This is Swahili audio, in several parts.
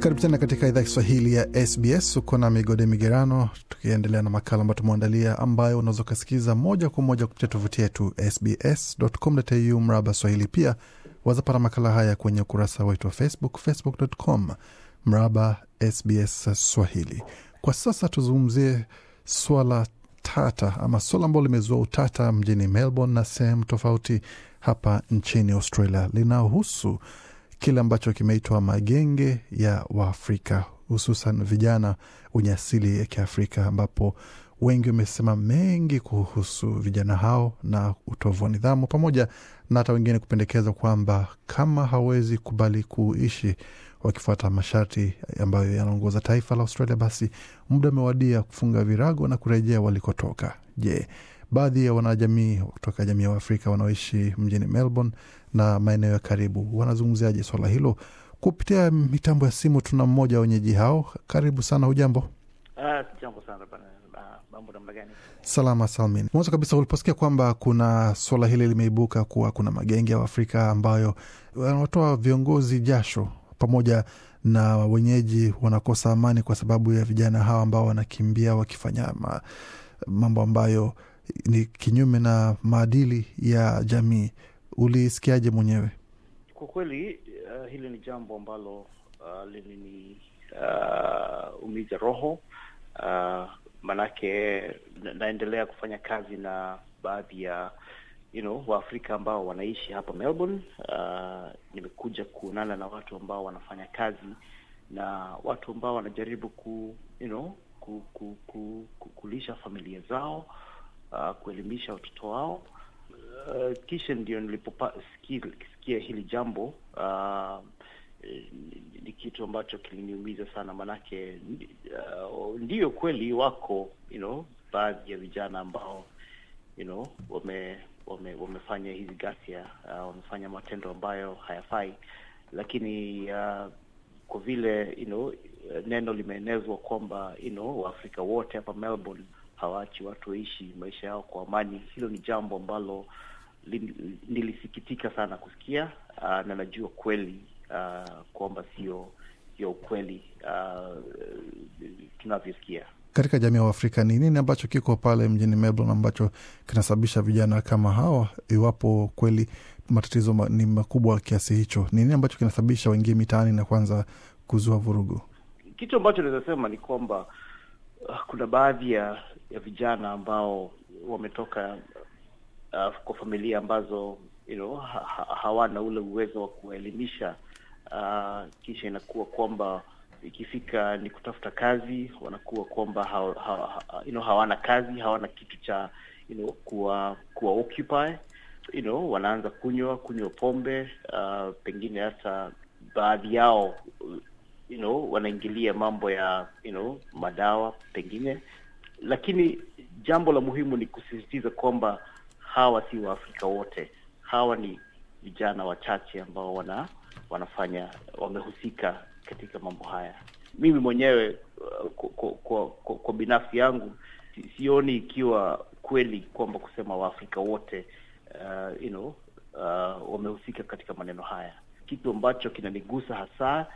Karibu tena katika idhaa Kiswahili ya SBS. Uko na Migode Migerano tukiendelea na makala ambayo tumeandalia, ambayo unaweza ukasikiliza moja kwa moja kupitia tovuti yetu sbs.com.au mraba swahili. Pia wazapata makala haya kwenye ukurasa wetu wa Facebook, facebook.com mraba SBS Swahili. Kwa sasa tuzungumzie swala tata ama swala ambalo limezua utata mjini Melbourne na sehemu tofauti hapa nchini Australia linahusu kile ambacho kimeitwa magenge ya Waafrika, hususan vijana wenye asili ya Kiafrika, ambapo wengi wamesema mengi kuhusu vijana hao na utovu wa nidhamu, pamoja na hata wengine kupendekeza kwamba kama hawezi kubali kuishi wakifuata masharti ambayo yanaongoza taifa la Australia, basi muda amewadia kufunga virago na kurejea walikotoka. Je, yeah. Baadhi ya wanajamii kutoka jamii ya Waafrika wanaoishi mjini Melbourne na maeneo ya karibu wanazungumziaje swala hilo? Kupitia mitambo ya simu tuna mmoja wa wenyeji hao. Karibu sana, hujambo? Ah, ah, Salama salmin. Mwanzo kabisa, uliposikia kwamba kuna swala hili limeibuka kuwa kuna magenge ya Waafrika ambayo wanatoa viongozi jasho pamoja na wenyeji wanakosa amani kwa sababu ya vijana hawa ambao wanakimbia wakifanya mambo ambayo ni kinyume na maadili ya jamii. Ulisikiaje mwenyewe? Kwa kweli, uh, hili ni jambo ambalo uh, eh, liliniumiza eh, uh, roho uh, manake naendelea kufanya kazi na baadhi ya you know, Waafrika ambao wanaishi hapa Melbourne. Uh, nimekuja kuonana na watu ambao wanafanya kazi na watu ambao wanajaribu ku, you know, ku, ku, ku, ku, kulisha familia zao uh, kuelimisha watoto wao uh, kisha ndio niliposikia hili jambo uh, ni kitu ambacho kiliniumiza sana manake, uh, ndiyo kweli wako you know, baadhi ya vijana ambao you know, wame, wame, wamefanya hizi gasia uh, wamefanya matendo ambayo hayafai, lakini uh, kwa vile you know, neno limeenezwa kwamba you know, Waafrika wote hapa Melbourne hawaachi watu waishi maisha yao kwa amani. Hilo ni jambo ambalo nilisikitika sana kusikia uh, na najua kweli ah, kwamba sio ya ukweli ah, tunavyosikia katika jamii ya Waafrika. Ni nini ambacho kiko pale mjini Melbourne ambacho kinasababisha vijana kama hawa, iwapo kweli matatizo ni makubwa kiasi hicho? Ni nini ambacho kinasababisha waingie mitaani na kwanza kuzua vurugu? Kitu ambacho naweza sema ni kwamba Ah, kuna baadhi ya, ya vijana ambao wametoka uh, kwa familia ambazo you know, ha, ha, hawana ule uwezo wa kuwaelimisha uh, kisha inakuwa kwamba ikifika ni kutafuta kazi wanakuwa kwamba ha, ha, ha, you know, hawana kazi, hawana kitu cha you know, kuwa, kuwa occupy you know, wanaanza kunywa kunywa pombe uh, pengine hata baadhi yao you know, wanaingilia mambo ya you know, madawa pengine, lakini jambo la muhimu ni kusisitiza kwamba hawa si Waafrika wote, hawa ni vijana wachache ambao wana wanafanya wamehusika katika mambo haya. Mimi mwenyewe uh, kwa, binafsi yangu sioni ikiwa kweli kwamba kusema Waafrika wote uh, you know, uh, wamehusika katika maneno haya. Kitu ambacho kinanigusa hasa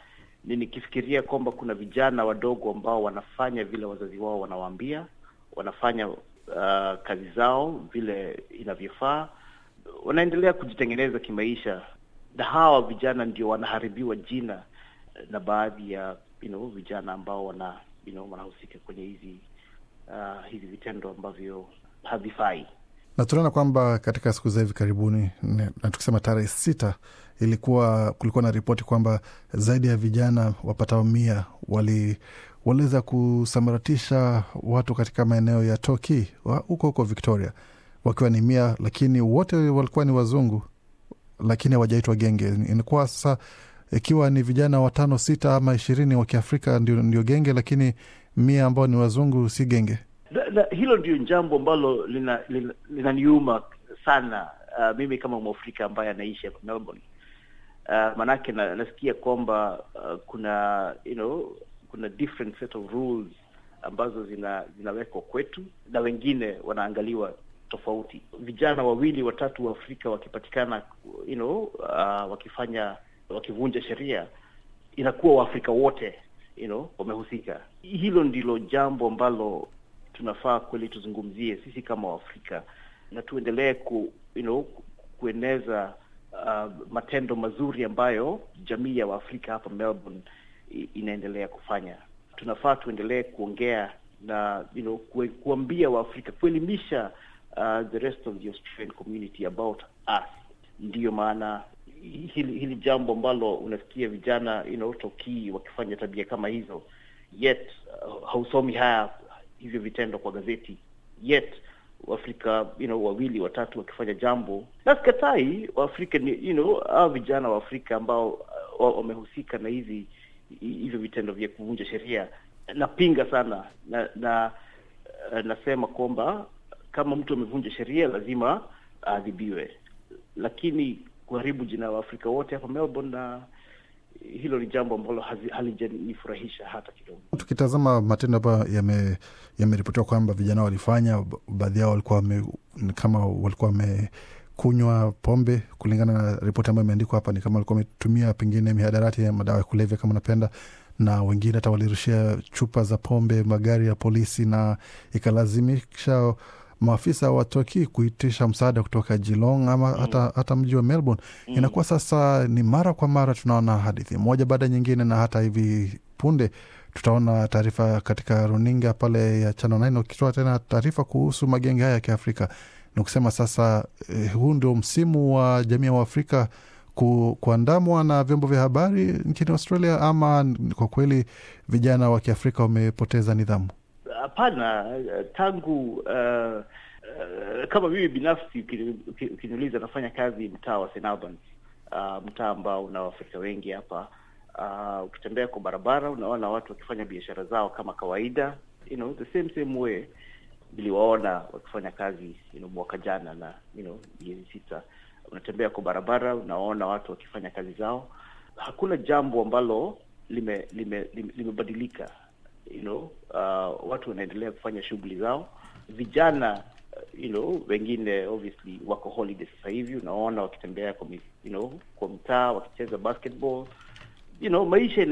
ni nikifikiria kwamba kuna vijana wadogo ambao wanafanya vile wazazi wao wanawaambia, wanafanya uh, kazi zao vile inavyofaa, wanaendelea kujitengeneza kimaisha, na hawa vijana ndio wanaharibiwa jina na baadhi ya you know, vijana ambao wana you know, wanahusika kwenye hizi uh, hizi vitendo ambavyo havifai na tunaona kwamba katika siku za hivi karibuni, na tukisema tarehe sita, ilikuwa kulikuwa na ripoti kwamba zaidi ya vijana wapatao mia wali waliweza kusambaratisha watu katika maeneo ya Toki huko huko Victoria, wakiwa ni mia, lakini wote walikuwa ni wazungu, lakini hawajaitwa genge. Inakuwa sasa ikiwa ni vijana watano sita ama ishirini wa Kiafrika ndio, ndio genge, lakini mia ambao ni wazungu si genge la, la, hilo ndio jambo ambalo linaniuma lina, lina, lina sana uh, mimi kama mwafrika ambaye anaishi hapa Melbourne uh, maanake na, nasikia kwamba uh, kuna you know kuna different set of rules ambazo zina, zinawekwa kwetu na wengine wanaangaliwa tofauti. Vijana wawili watatu wa Afrika wakipatikana you know, uh, wakifanya wakivunja sheria inakuwa Waafrika wote you know, wamehusika. Hilo ndilo jambo ambalo tunafaa kweli tuzungumzie sisi kama Waafrika na tuendelee ku, you know, kueneza uh, matendo mazuri ambayo jamii ya Waafrika hapa Melbourne inaendelea kufanya. Tunafaa tuendelee kuongea na you know, kuambia Waafrika, kuelimisha uh, the rest of the Australian community about us. Ndiyo maana hili, hili jambo ambalo unasikia vijana you know, tokii wakifanya tabia kama hizo, yet uh, hausomi haya hivyo vitendo kwa gazeti yet Waafrika you know, wawili watatu wakifanya jambo na sikatai Waafrika you know, vijana wa Afrika ambao uh, wamehusika na hizi hivyo vitendo vya kuvunja sheria, napinga sana na, na uh, nasema kwamba kama mtu amevunja sheria lazima aadhibiwe, lakini kuharibu jina ya Waafrika wote hapa Melbourne na hilo ni jambo ambalo halijanifurahisha hata kidogo. Tukitazama matendo ambayo yameripotiwa kwamba vijana walifanya, baadhi yao walikuwa kama walikuwa wame kunywa pombe kulingana na ripoti ambayo imeandikwa hapa, ni kama walikuwa wametumia pengine mihadarati ya madawa ya kulevya kama napenda, na wengine hata walirushia chupa za pombe magari ya polisi, na ikalazimisha maafisa wa hawatoki kuitisha msaada kutoka Geelong ama mm. hata, hata mji wa Melbourne. Mm. Inakuwa sasa ni mara kwa mara tunaona hadithi moja baada ya nyingine, na hata hivi punde tutaona taarifa katika runinga pale ya Channel 9 wakitoa tena taarifa kuhusu magenge haya ya Kiafrika. Ni kusema sasa eh, huu ndio msimu wa jamii ya Waafrika ku, kuandamwa na vyombo vya habari nchini Australia, ama kwa kweli vijana wa Kiafrika wamepoteza nidhamu? Hapana, tangu uh, uh, kama mimi binafsi ukiniuliza, nafanya kazi mtaa wa St Albans, uh, mtaa ambao una Waafrika wengi hapa. Uh, ukitembea kwa barabara unaona watu wakifanya biashara zao kama kawaida, you know, the same same way niliwaona wakifanya kazi you know, mwaka jana na you know, miezi sita. Unatembea kwa barabara unaona watu wakifanya kazi zao, hakuna jambo ambalo limebadilika lime, lime, lime you know, uh, watu wanaendelea kufanya shughuli zao. Vijana uh, you know, wengine obviously wako holiday sasa hivi, unaona wakitembea kwa you know, kwa mtaa wakicheza basketball you know, maisha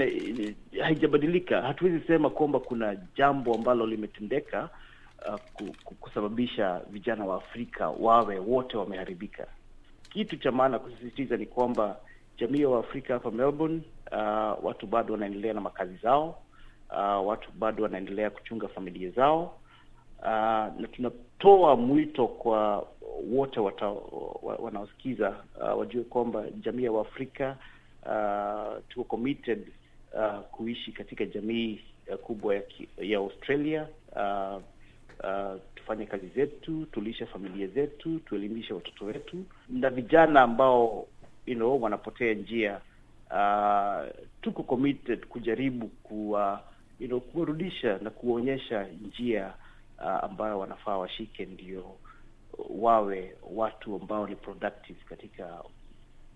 haijabadilika. Hatuwezi sema kwamba kuna jambo ambalo limetendeka uh, kusababisha vijana wa Afrika wawe wote wameharibika. Kitu cha maana kusisitiza ni kwamba jamii ya Waafrika hapa Melbourne, uh, watu bado wanaendelea na makazi zao uh, watu bado wanaendelea kuchunga familia zao uh, na tunatoa mwito kwa wote wanaosikiza uh, wajue kwamba jamii ya Waafrika uh, tuko committed uh, kuishi katika jamii uh, kubwa ya, ya Australia uh, uh, tufanye kazi zetu, tulishe familia zetu, tuelimishe watoto wetu na vijana ambao you know, wanapotea njia uh, tuko committed kujaribu kuwa uh, you know, kuwarudisha na kuwaonyesha njia uh, ambayo wanafaa washike ndio wawe watu ambao ni productive katika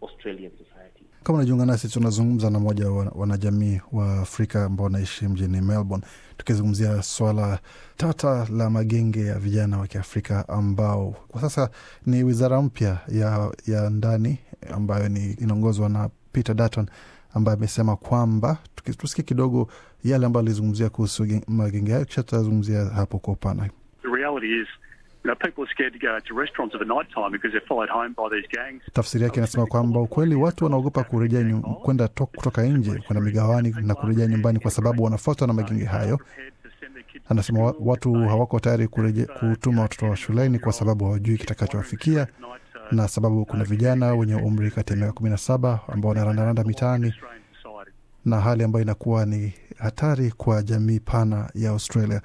Australian society. Kama unajiunga nasi, tunazungumza na mmoja wa wanajamii wa Afrika ambao wanaishi mjini Melbourne, tukizungumzia swala tata la magenge ya vijana wa Kiafrika ambao kwa sasa ni wizara mpya ya, ya ndani ambayo ni inaongozwa na Peter Dutton ambaye amesema kwamba tusikie kidogo yale ambayo alizungumzia kuhusu magenge hayo, kisha tutazungumzia hapo kwa upana. Tafsiri yake inasema kwamba ukweli, watu wanaogopa kurejea kwenda kutoka nje kwenda migawani na kurejea nyumbani kwa sababu wanafuatwa na magenge hayo. Anasema watu hawako tayari kutuma watoto wa shuleni kwa sababu hawajui kitakachowafikia na sababu kuna vijana wenye umri kati ya miaka kumi na saba ambao wanarandaranda mitaani na hali ambayo inakuwa ni hatari kwa jamii pana ya Australia.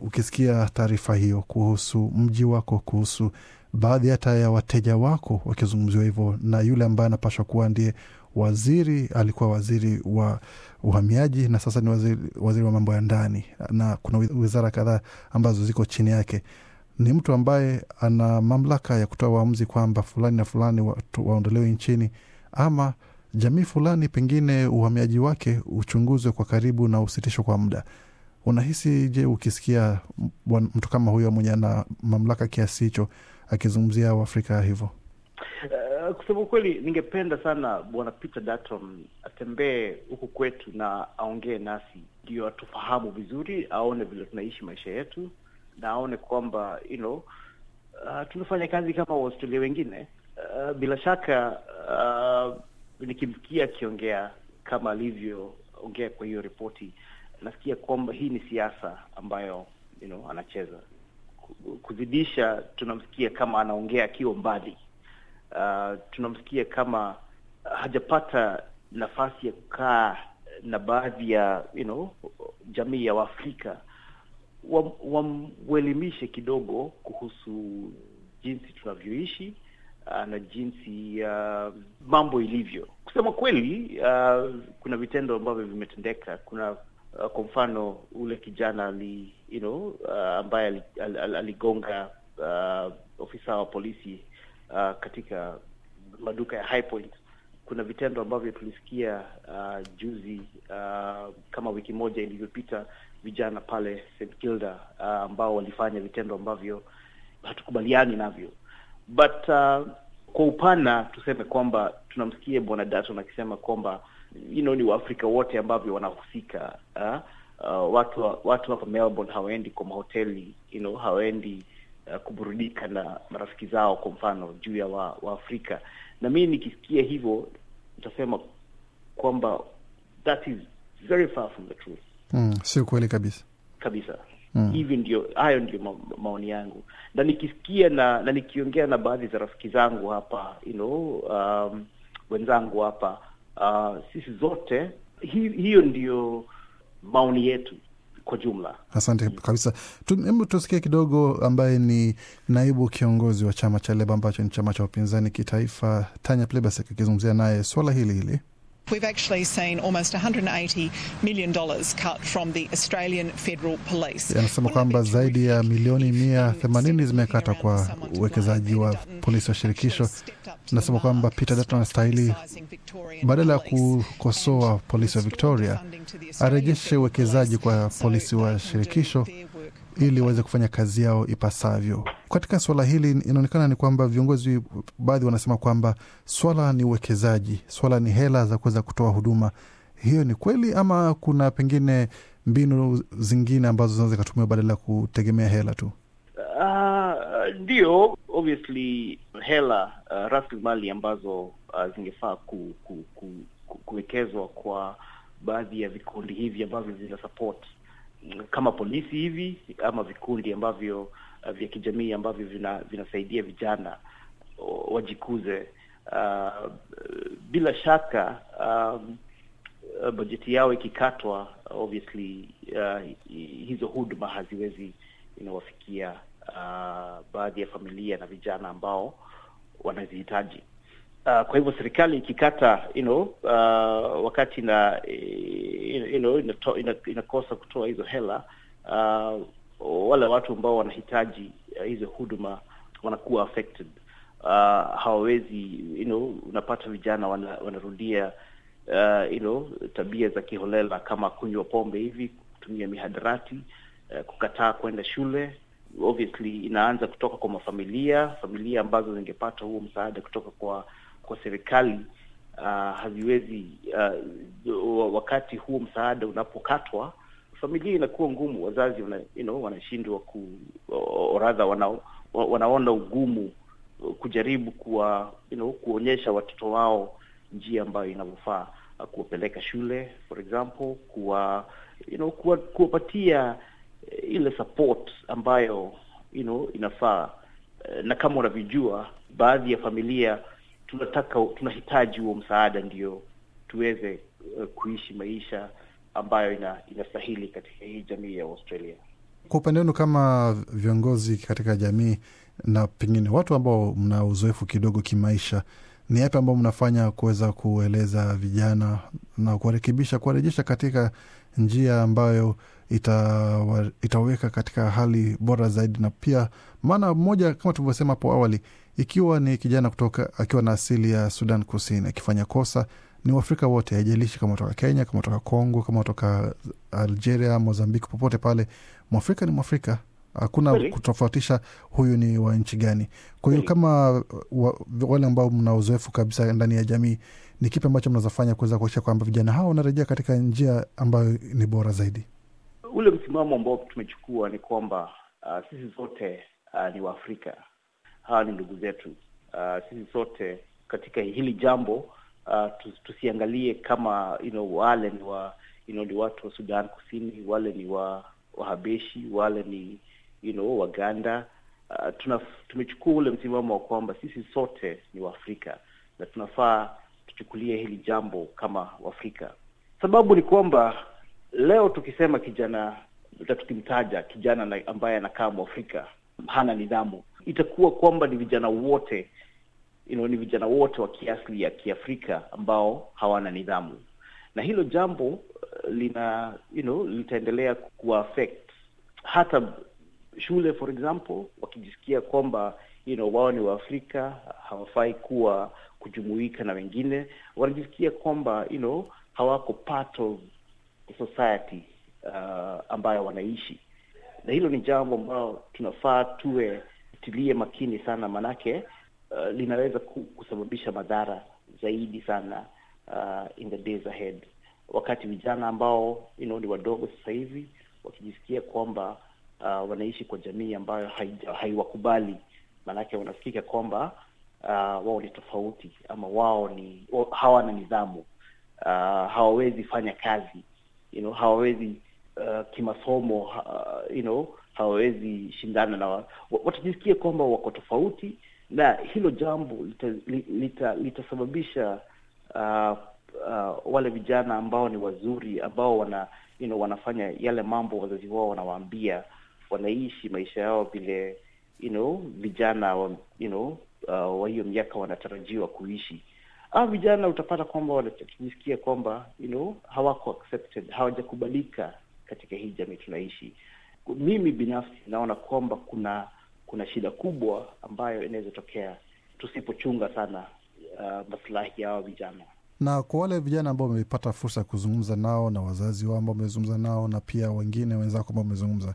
Ukisikia taarifa hiyo kuhusu mji wako, kuhusu baadhi hata ya wateja wako wakizungumziwa hivyo, na yule ambaye anapashwa kuwa ndiye waziri, alikuwa waziri wa uhamiaji na sasa ni waziri, waziri wa mambo ya ndani, na kuna wizara kadhaa ambazo ziko chini yake ni mtu ambaye ana mamlaka ya kutoa uamuzi kwamba fulani na fulani waondolewe nchini ama jamii fulani pengine uhamiaji wake uchunguzwe kwa karibu na usitishwe kwa muda. Unahisi je, ukisikia mtu kama huyo mwenye ana mamlaka kiasi hicho akizungumzia Waafrika hivyo? Uh, kusema ukweli, ningependa sana Bwana Peter Dutton atembee huku kwetu na aongee nasi, ndio atufahamu vizuri, aone vile tunaishi maisha yetu na aone kwamba you know, uh, tunafanya kazi kama waustralia wengine. Uh, bila shaka uh, nikimsikia akiongea kama alivyoongea kwa hiyo ripoti, nasikia kwamba hii ni siasa ambayo you know, anacheza kuzidisha. Tunamsikia kama anaongea akiwa mbali uh, tunamsikia kama hajapata nafasi ya kukaa na baadhi ya you know, jamii ya Waafrika wamwelimishe kidogo kuhusu jinsi tunavyoishi uh, na jinsi uh, mambo ilivyo. Kusema kweli, uh, kuna vitendo ambavyo vimetendeka. Kuna uh, kwa mfano ule kijana ali, you know, uh, ambaye al, al, al, aligonga uh, ofisa wa polisi uh, katika maduka ya High Point. Kuna vitendo ambavyo tulisikia uh, juzi uh, kama wiki moja ilivyopita vijana pale St Kilda uh, ambao walifanya vitendo ambavyo hatukubaliani navyo, but uh, kwa upana tuseme kwamba tunamsikia Bwana Dutton akisema kwamba you know, ni Waafrika wote ambavyo wanahusika uh, uh, watu watu hapa Melbourne hawaendi kwa mahoteli you know, hawaendi uh, kuburudika na marafiki zao kwa mfano juu ya Waafrika wa na mimi nikisikia hivyo nitasema kwamba that is very far from the truth mm, kweli kabisa kabisa mm. hivyo ndio hayo ndio ma, maoni yangu na nikisikia na na nikiongea na baadhi za rafiki zangu hapa you know um, wenzangu hapa uh, sisi zote hi, hiyo ndio maoni yetu kwa jumla. Asante kabisa. Hebu tusikie kidogo, ambaye ni naibu kiongozi wa chama cha Leba ambacho ni chama cha upinzani kitaifa, Tanya Plibersek akizungumzia naye swala hili hili we've actually seen almost 180 million dollars cut from the Australian Federal Police. Anasema kwamba zaidi ya milioni 180 zimekata kwa uwekezaji wa polisi wa shirikisho. Anasema kwamba Peter Dutton anastahili badala ya kukosoa polisi wa Victoria arejeshe uwekezaji kwa polisi wa shirikisho ili waweze kufanya kazi yao ipasavyo. Katika swala hili inaonekana ni kwamba viongozi baadhi wanasema kwamba swala ni uwekezaji, swala ni hela za kuweza kutoa huduma. Hiyo ni kweli ama kuna pengine mbinu zingine ambazo zinaweza ikatumiwa badala ya kutegemea hela tu? Ah, ndio uh, obviously hela uh, rasilimali ambazo uh, zingefaa ku, ku, ku, ku, kuwekezwa kwa baadhi ya vikundi hivi ambavyo vina support kama polisi hivi ama vikundi ambavyo uh, vya kijamii ambavyo vina, vinasaidia vijana uh, wajikuze. Uh, bila shaka um, uh, bajeti yao ikikatwa obviously uh, hizo huduma haziwezi inawafikia uh, baadhi ya familia na vijana ambao wanazihitaji. Uh, kwa hivyo serikali ikikata you know, uh, wakati ina, eh, you know, inato, inakosa kutoa hizo hela uh, wale watu ambao wanahitaji uh, hizo huduma wanakuwa affected uh, hawawezi you know, unapata vijana wana, wanarudia uh, you know, tabia za kiholela kama kunywa pombe hivi, kutumia mihadarati uh, kukataa kwenda shule obviously inaanza kutoka kwa mafamilia familia ambazo zingepata huo msaada kutoka kwa kwa serikali uh, haziwezi uh, wakati huo msaada unapokatwa, familia inakuwa ngumu, wazazi wana, you know, wanashindwa ku oradha wana, wanaona ugumu kujaribu kuwa, you know, kuonyesha watoto wao njia ambayo inavyofaa uh, kuwapeleka shule for example, kuwa, you know, kuwa, kuwapatia ile support ambayo you know, inafaa. Uh, na kama unavyojua, baadhi ya familia tunataka tunahitaji huo msaada ndio tuweze uh, kuishi maisha ambayo ina, inastahili katika hii jamii ya Australia. Kwa upande wenu kama viongozi katika jamii na pengine watu ambao mna uzoefu kidogo kimaisha, ni yapi ambao mnafanya kuweza kueleza vijana na kuwarekebisha, kuwarejesha katika njia ambayo itaweka katika hali bora zaidi, na pia maana moja kama tulivyosema hapo awali ikiwa ni kijana kutoka akiwa na asili ya Sudan Kusini akifanya kosa ni Waafrika wote, haijalishi kama toka Kenya, kama toka Kongo, kama toka Algeria, Mozambiki, popote pale, Mwafrika ni Mwafrika. Hakuna kutofautisha huyu ni wa nchi gani. Kwa hiyo kama wa, wale ambao mna uzoefu kabisa ndani ya jamii, ni kipi ambacho mnazofanya kuweza kuakisha kwamba vijana hawa wanarejea katika njia ambayo ni bora zaidi? Ule msimamo ambao tumechukua ni kwamba uh, sisi zote uh, ah, ni Waafrika hawa ni ndugu zetu. Uh, sisi sote katika hili jambo uh, tusiangalie kama you know, wale ni wa you know, ni watu wa Sudan Kusini, wale ni wa Wahabeshi, wale ni you know, Waganda. Uh, ah, tumechukua ule msimamo wa kwamba sisi sote ni Waafrika na tunafaa tuchukulie hili jambo kama Waafrika. Sababu ni kwamba leo tukisema kijana, tukimtaja kijana ambaye anakaa Mwafrika hana nidhamu, itakuwa kwamba ni vijana wote you know, ni vijana wote wa kiasli ya Kiafrika ambao hawana nidhamu, na hilo jambo uh, lina you know, litaendelea affect. hata shule for example, wakijisikia kwamba you know, wao ni Waafrika, hawafai kuwa kujumuika na wengine, wanajisikia kwamba you know, hawako part of society uh, ambayo wanaishi, na hilo ni jambo ambayo tunafaa tuwe tulie makini sana, manake uh, linaweza kusababisha madhara zaidi sana uh, in the days ahead, wakati vijana ambao you know, ni wadogo sasa hivi wakijisikia kwamba uh, wanaishi kwa jamii ambayo haiwakubali hai, maanake wanasikika kwamba uh, wao ni tofauti ama wao ni hawana nidhamu uh, hawawezi fanya kazi you know, hawawezi uh, kimasomo uh, you know, hawawezi shindana na watajisikia kwamba wako tofauti, na hilo jambo litasababisha lita, lita uh, uh, wale vijana ambao ni wazuri ambao wana you know, wanafanya yale mambo wazazi wao wanawaambia, wanaishi maisha yao vile you know, vijana wa you know, uh, wa hiyo miaka wanatarajiwa kuishi. au vijana utapata kwamba wanajisikia kwamba you know, hawako accepted, hawajakubalika katika hii jamii tunaishi mimi binafsi naona kwamba kuna kuna shida kubwa ambayo inaweza tokea tusipochunga sana uh, masilahi ya vijana na kwa wale vijana ambao wamepata fursa ya kuzungumza nao na wazazi wao ambao wamezungumza nao na pia wengine wenzako ambao wamezungumza,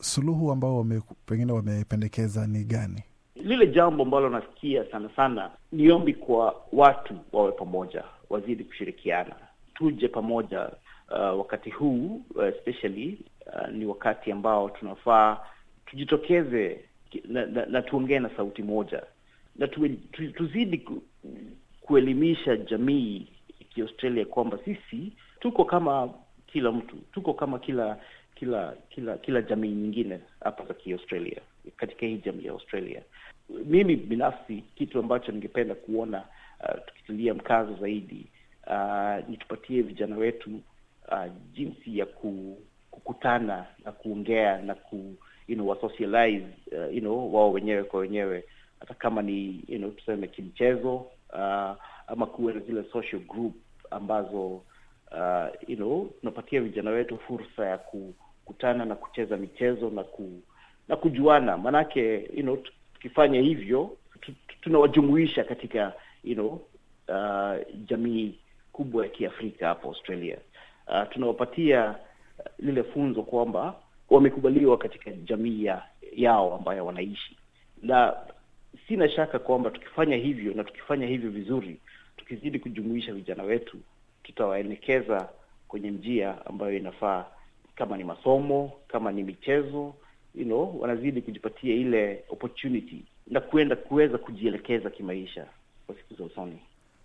suluhu ambao wame, pengine wamependekeza ni gani? Lile jambo ambalo nasikia sana sana ni ombi kwa watu wawe pamoja, wazidi kushirikiana, tuje pamoja. Uh, wakati huu uh, especially Uh, ni wakati ambao tunafaa tujitokeze na, na, na tuongee na sauti moja na tuwe, tu, tuzidi kuelimisha jamii ya Kiaustralia kwamba sisi tuko kama kila mtu, tuko kama kila kila kila kila jamii nyingine hapa za Kiaustralia, katika hii jamii ya Australia. Mimi binafsi kitu ambacho ningependa kuona uh, tukitilia mkazo zaidi uh, nitupatie vijana wetu uh, jinsi ya ku kukutana na kuongea na ku you know, wasocialize uh, you know, wao wenyewe kwa wenyewe hata kama ni you know, tuseme kimchezo uh, ama kuwe na zile social group ambazo uh, you know, tunapatia vijana wetu fursa ya kukutana na kucheza michezo na ku, na kujuana, maanake you know, tukifanya hivyo tunawajumuisha katika you know, uh, jamii kubwa ya Kiafrika hapo Australia. Uh, tunawapatia lile funzo kwamba wamekubaliwa katika jamii ya yao ambayo wanaishi, na sina shaka kwamba tukifanya hivyo na tukifanya hivyo vizuri, tukizidi kujumuisha vijana wetu, tutawaelekeza kwenye njia ambayo inafaa, kama ni masomo, kama ni michezo, you know, wanazidi kujipatia ile opportunity na kuenda kuweza kujielekeza kimaisha kwa siku za usoni.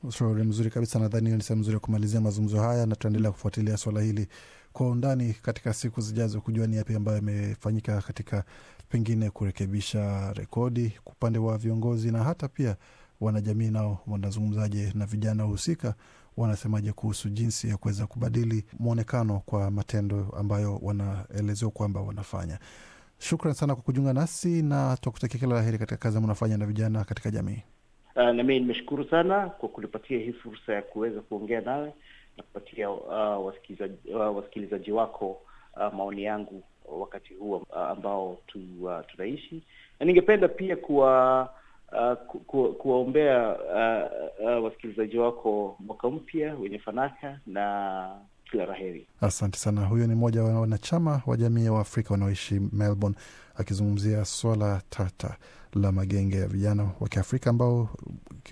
Ushauri mzuri kabisa, nadhani hiyo ni sehemu mzuri ya kumalizia mazungumzo haya, na tutaendelea kufuatilia swala hili kwa undani katika siku zijazo kujua ni yapi ambayo yamefanyika katika pengine kurekebisha rekodi kwa upande wa viongozi na hata pia wanajamii nao wanazungumzaje na vijana husika wanasemaje kuhusu jinsi ya kuweza kubadili mwonekano kwa matendo ambayo wanaelezewa kwamba wanafanya. Shukran sana kwa kujiunga nasi na twakutakia kila laheri katika kazi mnafanya na vijana katika jamii. Uh, ah, nami nimeshukuru sana kwa kunipatia hii fursa ya kuweza kuongea nawe nakupatia uh, uh wasikilizaji uh, wako uh, maoni yangu wakati huu uh, ambao tu, uh, tunaishi na ningependa pia kuwa Uh, ku, ku, kuwaombea uh, uh, wasikilizaji wako mwaka mpya wenye fanaka na kila raheri. Asante sana. Huyo ni mmoja wa wanachama wa jamii ya Waafrika wanaoishi Melbourne akizungumzia swala tata la magenge ya vijana wa Kiafrika ambao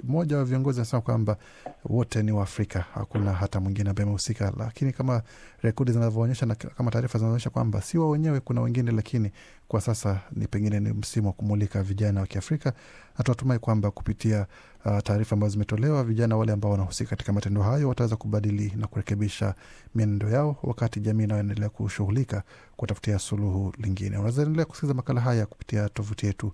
mmoja wa viongozi anasema kwamba wote ni Waafrika, hakuna hata mwingine ambaye amehusika, lakini kama rekodi zinavyoonyesha na kama taarifa zinaonyesha kwamba si wa wenyewe, kuna wengine, lakini kwa sasa ni pengine ni msimu wa kumulika vijana wa Kiafrika, na tunatumai kwamba kupitia uh, taarifa ambazo zimetolewa, vijana wale ambao wanahusika katika matendo hayo wataweza kubadili na kurekebisha mienendo yao, wakati jamii inayoendelea kushughulika kutafutia suluhu lingine. Unaweza endelea kusikiliza makala haya kupitia tovuti yetu